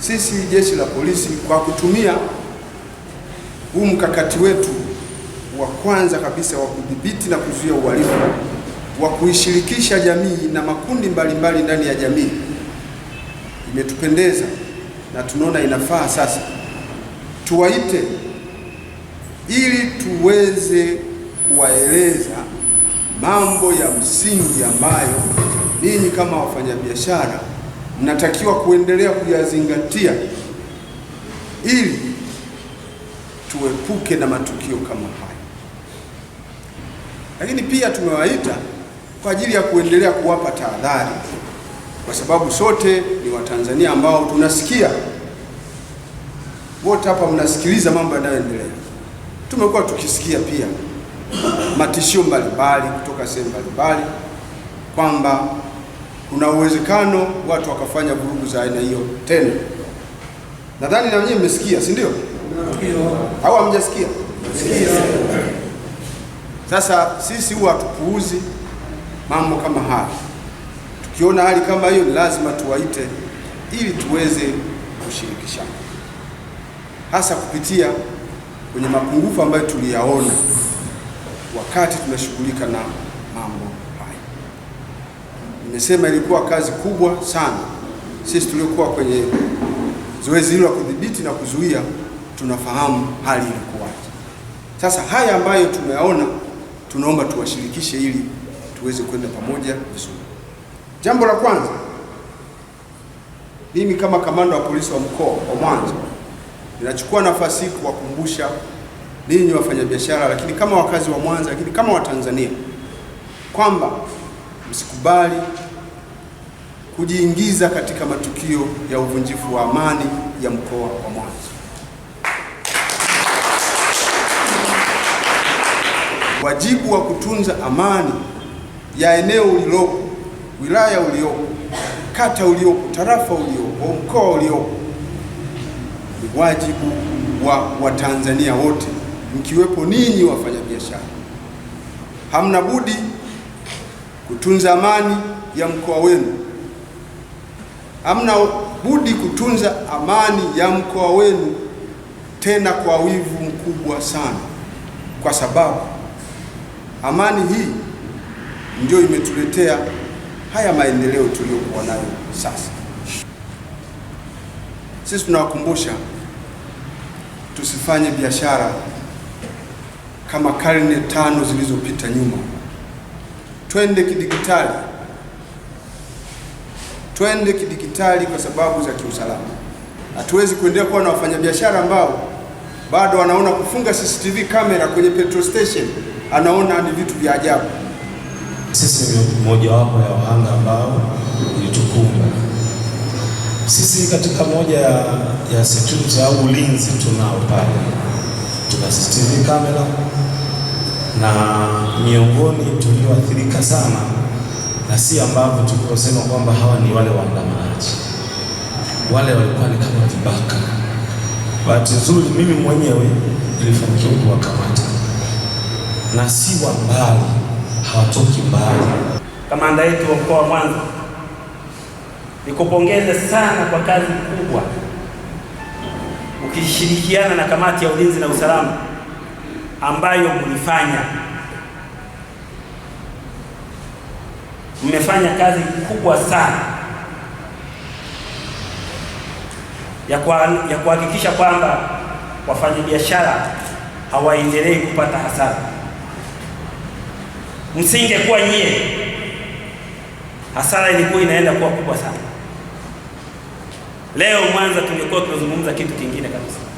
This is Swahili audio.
Sisi jeshi la polisi kwa kutumia huu mkakati wetu wa kwanza kabisa wa kudhibiti na kuzuia uhalifu wa kuishirikisha jamii na makundi mbalimbali ndani ya jamii, imetupendeza na tunaona inafaa sasa tuwaite ili tuweze kuwaeleza mambo ya msingi ambayo ninyi kama wafanyabiashara mnatakiwa kuendelea kuyazingatia ili tuepuke na matukio kama haya. Lakini pia tumewaita kwa ajili ya kuendelea kuwapa tahadhari, kwa sababu sote ni Watanzania ambao tunasikia, wote hapa mnasikiliza mambo yanayoendelea. Tumekuwa tukisikia pia matishio mbalimbali kutoka sehemu mbalimbali kwamba kuna uwezekano watu wakafanya vurugu za aina hiyo tena. Nadhani na nyinyi mmesikia, si ndio? Au hamjasikia? Sasa sisi huwa hatupuuzi mambo kama haya. Tukiona hali kama hiyo, ni lazima tuwaite ili tuweze kushirikishana, hasa kupitia kwenye mapungufu ambayo tuliyaona wakati tunashughulika na mambo Nimesema ilikuwa kazi kubwa sana. Sisi tuliokuwa kwenye zoezi hilo la kudhibiti na kuzuia tunafahamu hali ilikuwaje. Sasa haya ambayo tumeyaona, tunaomba tuwashirikishe ili tuweze kwenda pamoja vizuri. Jambo la kwanza, mimi kama kamanda wa polisi wa mkoa wa Mwanza ninachukua nafasi hii kuwakumbusha ninyi wafanyabiashara, lakini kama wakazi wa Mwanza, lakini kama Watanzania kwamba msikubali kujiingiza katika matukio ya uvunjifu wa amani ya mkoa wa Mwanza. Wajibu wa kutunza amani ya eneo uliopo, wilaya uliopo, kata uliopo, tarafa uliopo, mkoa uliopo ni wajibu wa Watanzania wote, mkiwepo ninyi wafanyabiashara. Hamna budi kutunza amani ya mkoa wenu. Hamna budi kutunza amani ya mkoa wenu, tena kwa wivu mkubwa sana, kwa sababu amani hii ndio imetuletea haya maendeleo tuliyokuwa nayo sasa. Sisi tunawakumbusha tusifanye biashara kama karne tano zilizopita nyuma twende kidigitali, twende kidigitali kwa sababu za kiusalama. Hatuwezi kuendelea kuwa na wafanyabiashara ambao bado wanaona kufunga CCTV kamera kwenye petrol station, anaona ni vitu vya ajabu. Sisi ni wapo ya wahanga ambao ilitukumba sisi katika moja ya, ya security au ulinzi tunao pale, tuna CCTV kamera na miongoni tulioathirika sana, na si ambavyo tuliosema kwamba hawa ni wale waandamanaji, wale walikuwa ni kama vibaka. Bahati nzuri mimi mwenyewe nilifanikiwa kuwakamata, na si wa mbali, hawatoki mbali. Kamanda yetu wa mkoa wa Mwanza, nikupongeze sana kwa kazi kubwa ukishirikiana na kamati ya ulinzi na usalama ambayo mlifanya. Mmefanya kazi kubwa sana ya kuhakikisha kwamba wafanyabiashara hawaendelei kupata hasara. Msingekuwa nyie, hasara ilikuwa inaenda kuwa kubwa sana. Leo Mwanza tungekuwa tunazungumza kitu kingine kabisa.